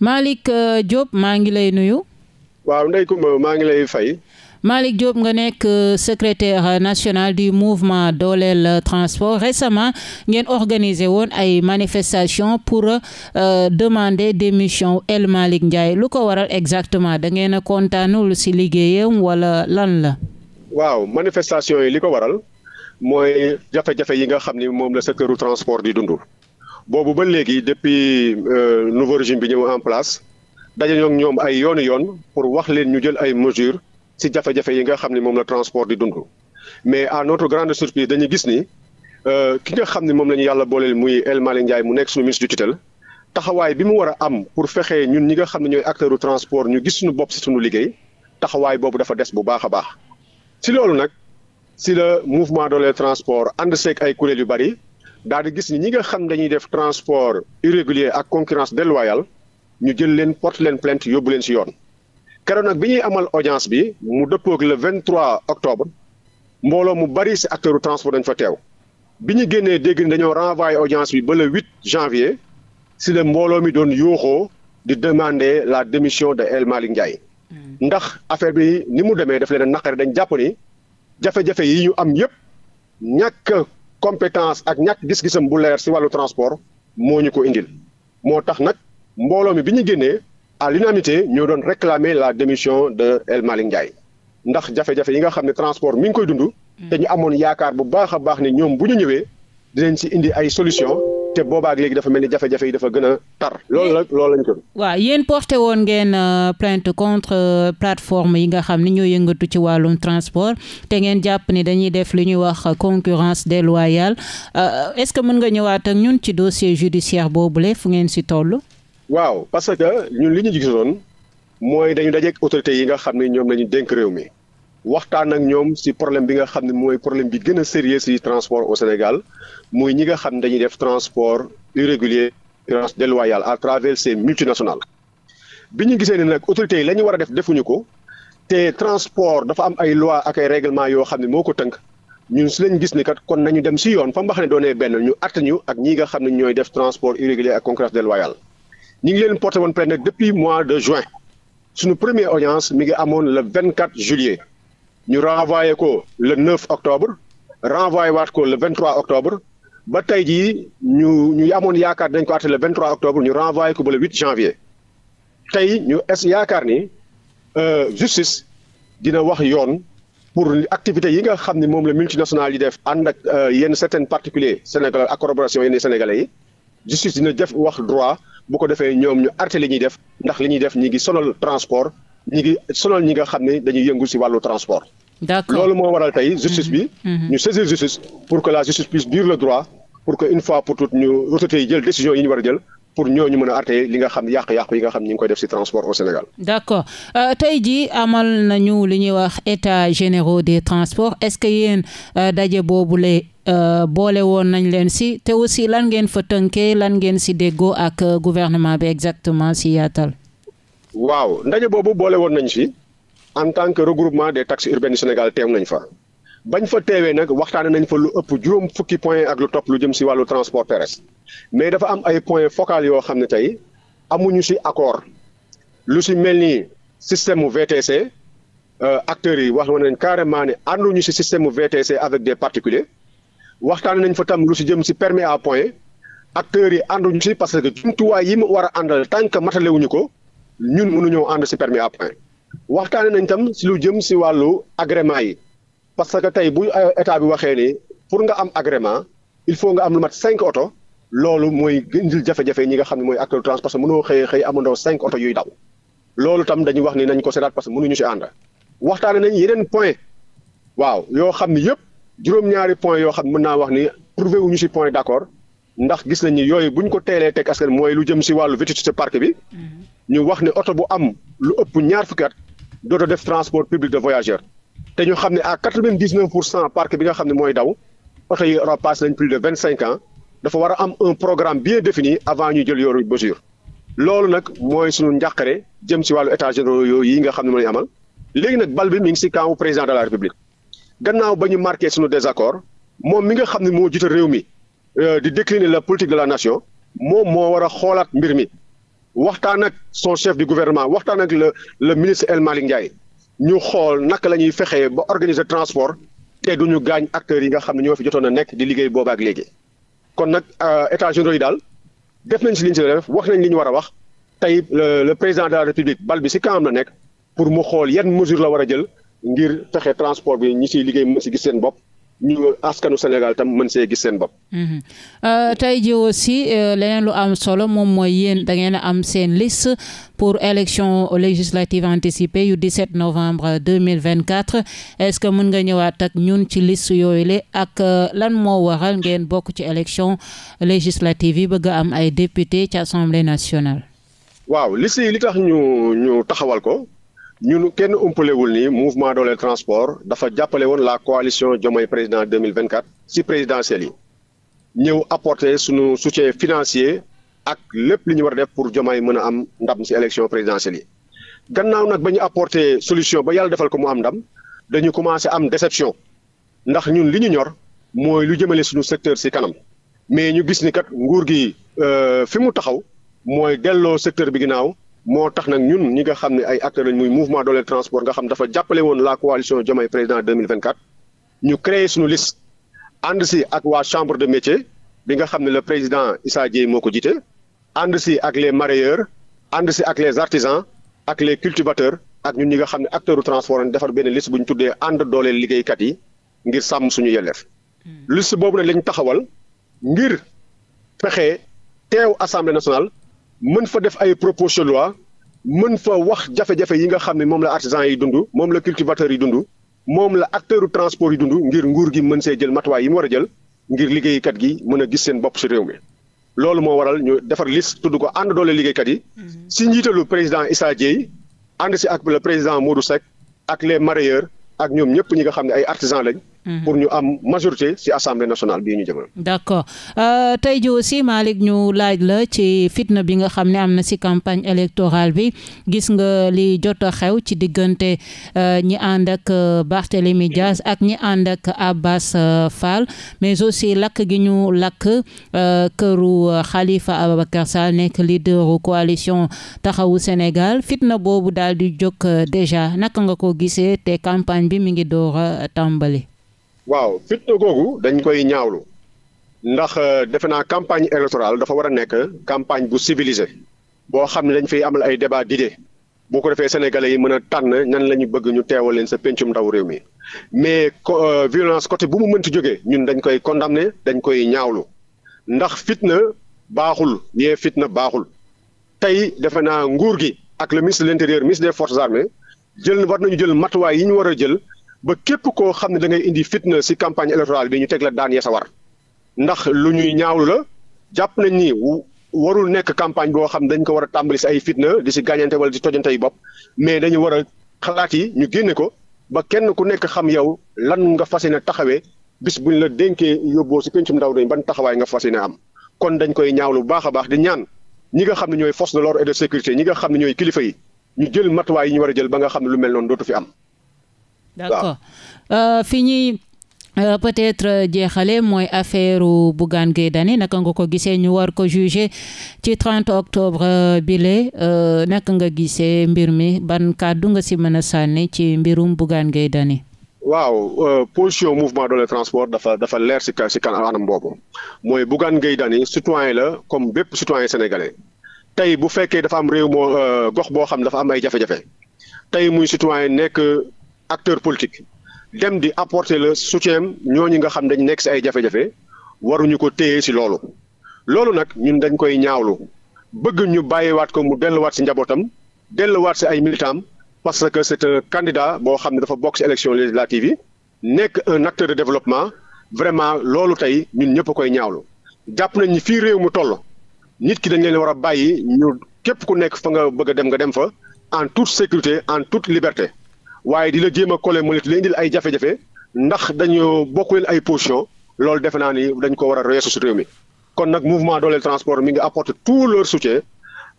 Malick euh, Diop maa ngi lay nuyu. waaw Ndeye Comba maa ngi lay fay. Malick Diop nga nekk euh, secretaire euh, national du mouvement dooleel euh, transport récemment ngeen organiser woon ay manifestation pour euh, demander démission El Malick Ndiaye lu ko waral exactement da ngeen a kontaanul si liggéeyam wala lan la. waaw manifestation yi li ko waral mooy jafe-jafe yi nga xam ni moom la secteur transport di dund. boobu ba léegi depuis euh, nouveau régime bi ñëw en place daje ñoom ay yoonu yoon pour wax leen ñu jël ay mesures ci jafe-jafe yi nga xam ne moom la transport di dund mais en notre grande surprise dañuy gis ni euh, ki nga xam ni moom lañu yàlla booleel muy El Malick mu nekk suñu ministre du taxawaay bi mu war a am pour fexee ñun ñi nga xam ne ñooy acteur transport ñu gis suñu bopp si suñu liggéey taxawaay boobu dafa des bu baax a baax ci loolu nag ci la mouvement dooleel transport ànd seeg ay kuréel yu bari daal di gis ni ñi nga xam dañuy def transport irrégulier ak concurrence déloyale ñu jël leen porte leen plainte yóbbu leen ci yoon keroog nag bi ñuy amal audience bi mu dëppoog le 23 octobre mbooloo mu bari ci acteur transport dañu fa teew bi ñu génnee dégg ni dañoo renvoyé audience bi ba le 8 janvier ci le mbooloo mi doon yooxoo di demander la démission de El Malick Ndiaye hmm. ndax affaire bi ni mu demee daf leen a naqari dañ jàpp ni jafe-jafe yi ñu am yépp ñàkk compétence ak ñàkk gis-gisam bu leer si wàllu transport moo ñu ko indil moo tax nag mbooloo mi bi ñu génnee à l'unanimité ñoo doon réclamer la démission de El Malick ndax jafe-jafe yi nga xam ne transport mi ngi koy dund. te ñu amoon yaakaar bu baax a baax ne ñoom bu ñu ñëwee dinañ si indi ay solution te boobaak léegi dafa mel ni jafe-jafe yi dafa gën a tar eh, loolu la loolu lañ tën waaw yéen porté woon ngeen euh, plainte contre euh, plateforme yi nga xam ni ñoo yëngatu ci wàllum transport te ngeen jàpp ni dañuy def li ñuy wax concurrence déloyale euh, est-ce que mën nga ñëwaat ak ñun ci dossier judiciaire le fu ngeen si toll waaw parce que ñun li ñu gisoon mooy dañu dajeek autorités yi nga xam ne ñoom la ñu dénk réew mi waxtaan ak ñoom si problème bi nga xam ne mooy problème bi gën a sérieux si transport au Sénégal muy ñi nga xam ne dañuy def transport irrégulier déloyal à travers ces multinationales bi ñu gisee ne nag autorités yi la ñu war def defuñu ko te transport dafa am ay loi ak ay réglement yoo xam ne moo ko tënk ñun si lañ gis ni kat kon nañu dem si yoon fa mbaxane doonee benn ñu àtte ñu ak ñi nga xam ne ñooy def transport irrégulier ak concurrence déloyale ngi leen porté woon plainte nag mois de juin suñu première audience mi ngi amoon le 24 juillet ñu renvoyé ko le 9 octobre renvoyé waat ko le 23 octobre ba tey jii ñu ñu amoon yaakaar dañ ko àtte le 23 octobre ñu renvoyé ko ba le 8 janvier tey ñu es yaakaar ni euh, justice dina wax yoon pour activité yi nga xam ne moom la multinationale yi def ànd ak euh, yenn certains particuliers sénégalais ak corporation yenn sénégalais yi justice dina def wax droit bu ko defee ñoom ñu arrêté li ñuy def ndax li ñuy def ñi ngi sonal transport ñi ngi sonal ñi nga xam ne dañuy yëngu si wàllu transport. d'accord loolu moo waral tey justice bi. Mm-hmm. Mm-hmm. ñu saisir justice pour que la justice puisse dire le droit pour que une fois pour toutes ñu autorités jël décision yi ñu war a jël. pour ñooñu mën a àttee li nga xam yàq-yàq yi nga xam ñu ngi koy def ci transport au Sénégal. d'accord euh, tey jii amal nañu li ñuy wax état généraux des transports est-ce que yeen euh, daje boobule euh, boole woon nañ leen si te aussi lan ngeen fa tënkee lan ngeen ci déggoo ak euh, gouvernement bi exactement ci yaatal. waaw ndaje boobu boole woon nañ si en tant que regroupement des taxis urbains Sénégal teew nañu fa bañ fa teewee nag waxtaane nañ fa lu ëpp juróom fukki point ak lu topp lu jëm si wàllu transport terrestre mais dafa am ay point focal yoo xam ne tey amuñu si accord lu si mel ni système mu VTC euh, acteurs yi wax nañ carrément ne ànduñu si système mu VTC avec des particuliers waxtaane nañ fa tam lu si jëm si permis à point acteurs yi ànduñu si parce que jumtuwaay yi mu war a àndal tant que matalewuñu ko ñun mënuñoo ànd si permis à point waxtaane nañ tam si lu jëm si wàllu agrément yi parce que tey bu euh, état bi waxee ni pour nga am agrément il faut nga am lu mat cinq oto loolu mooy indil jafe-jafe ñi nga xam ne mooy acteur transport parce que xëyee xëy amandoo cinq oto yuy daw loolu tam dañuy wax ni nañ ko seetaat parce que mënuñu si ànd waxtaane nañ yeneen point waaw yoo xam ne yëpp juróom-ñaari point yoo xam ne mën naa wax ni trouvé wuñu si point d'accord ndax gis nañ ni yooyu bu ko teelee teg askan mooy lu jëm si wàllu vétusté parc bi mm-hmm. ñu wax ne oto bu am lu ëpp ñaar fukki at dooto def transport public de voyageurs te ñu xam ne à quatre-vingt-dix-neuf pour bi nga xam ne mooy daw oto yi repasse nañ plus de vingt dafa war a am un programme bien défini avant ñu jël yooyu mesure loolu nag mooy suñu njàqare jëm si wàllu états généraux yooyu yi nga xam ne mooy amal léegi nag bal bi mi ngi si camp président de la république gannaaw ba ñu marqué suñu désaccord moom mi nga xam ne moo jiite réew mi Euh, di décliner la politique de la nation moom moo war a xoolaat mbir mi waxtaan ak son chef du gouvernement waxtaan ak la le ministre El Malick Ndiaye ñu xool naka la ñuy fexee ba organiser transport te duñu gaañ acteurs yi nga xam ne ñoo fi jotoon a nekk di liggéey boobaak léegi kon nag euh, états généraux yi daal def nañ si liñ si def wax nañ li ñu war a wax tey le président de la république bal bi si kanam la nekk pour mu xool yan mesure la war a jël ngir fexe transport bi ñi siy liggéey mu si gis seen bopp ñu askanu Sénégal tam mën see gis seen bopp. Mhm. Euh, tey ji aussi euh, leneen lu am solo moom mooy yéen da ngeen am seen list pour élection législative anticipée yu 17 novembre 2024 est-ce que mën nga ñëwaat ak ñun ci list yooyu le ak euh, lan moo waxal ngeen bokk ci élection législative yi bëgg a am ay député ci assemblée nationale. waaw liste yi li tax ñu taxawal ko. ñun kenn umpalewul ni mouvement dooleel transport dafa jàppale woon la coalition Diomaye président 2024 ci présidentielle yi ñëw apporter suñu soutien financier ak lépp li ñu war a def pour Diomaye mën a am ndam ci élection présidentielle yi gannaaw nag ba ñu apporter solution ba yàlla defal ko mu am ndam dañu commencé am déception ndax ñun li ñu ñor mooy lu jëmale suñu secteur ci kanam mais ñu gis ni kat nguur gi euh, fi mu taxaw mooy delloo secteur bi ginnaaw moo tax na ñun ñi nga xam ne ay acteurs lañ muy mouvement dooleel transport nga xam dafa jàppale woon la coalition Diomaye président 2024 ñu créé suñu liste ànd si ak waa chambre de métier bi nga xam ne le président Issa Dieye moo ko jite ànd si ak les mareyeurs ànd si ak les artisans ak les cultivateurs ak ñun ñi nga xam ne acteurs du transport lañ defar benn liste buñu ñu tuddee ànd dooleel liggéeykat yi ngir sàmm suñu yelleef hmm. liste boobu nag lañ taxawal ngir fexe teew assemblée nationale mën fa def ay proposition de mën fa wax jafe-jafe yi nga xam ne moom la artisan yi dund moom la cultivateur yi dund moom la acteuru transport yi dund ngir nguur gi mën see jël matuwaay yi mu war a jël ngir liggéeykat gi mën a gis seen bopp si réew mi loolu moo waral ñu defar list tudd ko ànd doole liggéeykat yi mhm. si njiitalu président Issa Dieye ànd si ak le président Modou Seck ak les mareyeurs ak ñoom ñëpp ñi nga xam ne ay artisan lañ Mhm. pour ñu am majorité ci assemblée nationale bii ñu jëmal. d'accord euh, tey ji aussi Malick ñu laaj la ci fitna bi nga xam ne am na ci campagne électorale bi gis nga li jot xew ci diggante euh, ñi ànd ak euh, Barthélémy Dias ak ñi ànd ak Abbas Fall mais aussi lakk gi ñu lakk këru Khalifa Ababacar Sall nekk leaderu coalition taxawu Sénégal fitna boobu dal di jóg déjà naka nga ko gisee te campagne bi mu ngi door a tàmbali. waaw fitna googu dañ koy ñaawlu ndax euh, defe naa campagne électorale dafa war a nekk campagne bu civilisée boo xam ne dañ fiy amal ay débat d'idées boo ko defee sénégalais yi mën a tànn ñan la ñu bëgg ñu teewal leen sa pencum ndaw réew mi mais euh, violence côté bu mu mënti jógee ñun dañ koy condamné dañ koy ñaawlu ndax fitna baaxul yee fitna baaxul tey defe naa nguur gi ak le ministre de l'intérieur ministre des forces armées jël war nañu jël matuwaay yi ñu war a jël ba képp koo xam ne dangay indi fitna ci campagne électorale bi ñu teg la daan ya sa war ndax lu ñuy ñaawlu la jàpp nañ ni warul nekk campagne boo xam ne dañ ko war a tàmbali si ay fitna di si gaañante wala di tojante yu bopp mais dañu war a xalaat yi ñu génne ko ba kenn ku nekk xam yow lan nga fas yéene taxawee bis buñ la dénkee yóbboo ci pencum ndaw dañ ban taxawaay nga fas yéene am kon dañ koy ñaawlu bu baax a baax di ñaan ñi nga xam ne ñooy force na l'ordre et de sécurité nga xam ne ñooy kilifa yi ñu jël matuwaay yi ñu war jël ba nga xam ne lu mel noonu dootu fi am d'accord euh, fi ñuy euh, peut-être jeexale mooy affaire Bougane Gueye Dany naka nga ko gisee ñu war ko juger ci 30 octobre euh, bile nekk nga gisee mbir mi ban kàddu nga si mën a sànni ci mbirum Bougane Gueye Dany waaw position mouvement dans le transport dafa dafa leer si si kanam boobu mooy Bougane Gueye Dany citoyen la comme bépp citoyen sénégalais tey bu fekkee dafa am réew moo gox boo xam dafa am ay jafe-jafe tey muy citoyen nekk acteurs politiques dem di apporter le soutien ñooñu nga xam dañ nekk si ay jafe-jafe waruñu ko téye si loolu loolu nag ñun dañ koy ñaawlu bëgg ñu bàyyiwaat ko mu delluwaat si njabootam delluwaat si ay militam parce que c'est un boo xam ne dafa bokk si élection législative yi nekk un acteur de développement vraiment loolu tey ñun ñëpp koy ñaawlu jàpp nañ ni fii réew mu toll nit ki dañ leen war a bàyyi ñu képp ku nekk fa nga bëgg a dem nga dem fa en toute sécurité en toute liberté waaye di la jéem a collé la indil ay jafe-jafe ndax dañu bokk ay position loolu defe naa ni dañ ko war a reesu si réew mi kon nag mouvement dooleel transport mi ngi apporter tout leur soutien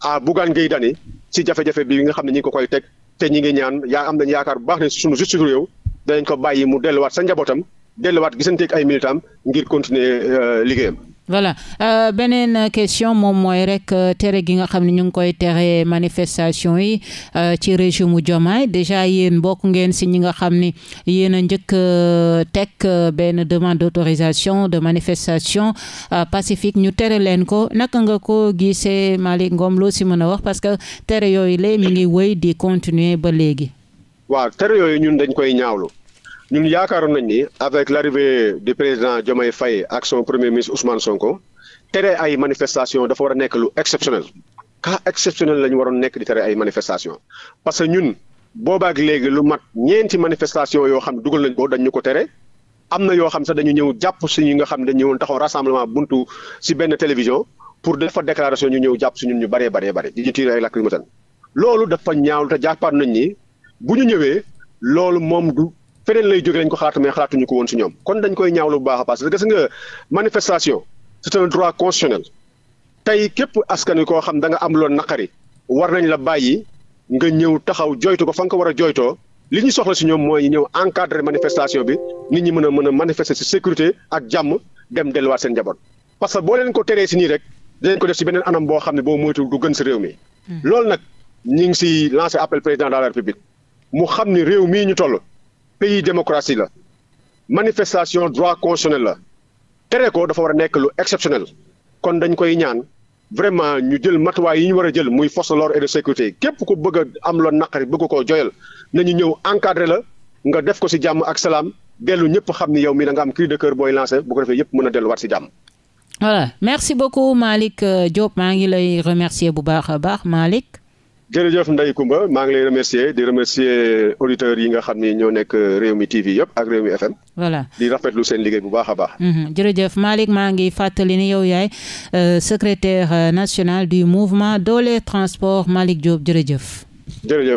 à Bougane Gueye ci si jafe-jafe bi nga xam ne ñi ngi ko koy teg te ñi ngi ñaan yaa am nañ yaakaar bu baax ne suñu justice réew danañ ko bàyyi mu delluwaat sa njabootam delluwaat gisanteeg ay militam ngir continuer euh, liggéeyam voilà euh, beneen question moom mooy rek euh, tere gi nga xam ne ñu ngi koy tere manifestation yi euh, ci régime u Diomaye déjà yéen bokk ngeen si ñi nga xam ni yéen a njëkk euh, teg euh, benn demande d'autorisation de manifestation pacifique ñu tere leen ko naka nga ko gisee Malick ngoom loo si mën a wax parce que tere yooyu la mi ngi wéy di continuer ba léegi. tere yooyu ñun dañ koy ñaawlu ñun yaakaaroon nañ ni avec l'arrivée du président Diomaye Faye ak son premier ministre Ousmane Sonko tere ay manifestation dafa war a nekk lu exceptionnel cas exceptionnel la ñu waroon nekk di tere ay manifestation parce que ñun boobaak léegi lu mat ñeenti manifestation yoo xam ne dugal nañ ko dañ ko tere am na yoo xam sax dañu ñëw jàpp suñu nga xam ne dañu ñëwoon taxaw rassemblement buntu si benn télévision pour defa déclaration ñu ñëw jàpp si ñun ñu bëree bëree bëri di ñu tiir ay lacrymogène loolu dafa ñaawlu te jàppaat nañ ni bu ñu ñëwee loolu moom feneen lay jóge lañ ko xalaatu mais xalaatuñu ko woon si ñoom kon dañ koy ñaawlu bu baax a baax parce que gis nga manifestation c'est un droit constitutionnel tey képp askan wi koo xam da nga am loon naqari war nañ la bàyyi nga ñëw taxaw jooytu ko fa nga ko war a jooytoo li ñu soxla si ñoom mooy ñëw encadrer manifestation bi nit ñi mën a mën a manifester si sécurité ak jàmm dem delluwaat seen njaboot parce que boo leen ko teree si nii rek dinañ ko def si beneen anam boo xam ne boo moytuwul du gën si réew mi. Hmm. loolu nag ñu ngi si lancer appel président de la république mu xam ni réew mii ñu toll. pays démocratie la manifestation droit constitutionnel la tere ko dafa war a nekk lu exceptionnel kon dañ koy ñaan vraiment ñu jël matuwaay yi ñu war a jël muy force de l'ordre et de sécurité képp ko bëgg a am loo naqari bëgg koo joyal nañu ñëw encadré la nga def ko ci jàmm ak salaam dellu ñëpp xam ni yow mi da nga am cri de booy lancé bu ko defee yëpp mën a delluwaat ci jàmm. voilà merci beaucoup Malick euh, Diop maa ngi lay remercier bu baax a baax Malick. jërëjëf Ndeye Comba maa ngi lay remercier di remercier auditeurs yi nga xam ni ñoo nekk Rewmi TV yëpp ak Rewmi FM. voilà di rafetlu seen liggéey bu baax a baax. Mhm. jërëjëf Malick maa ngi fàttali ni yow yaay euh, secrétaire euh, national du mouvement doole transport Malick Diop jërëjëf. jërëjëf.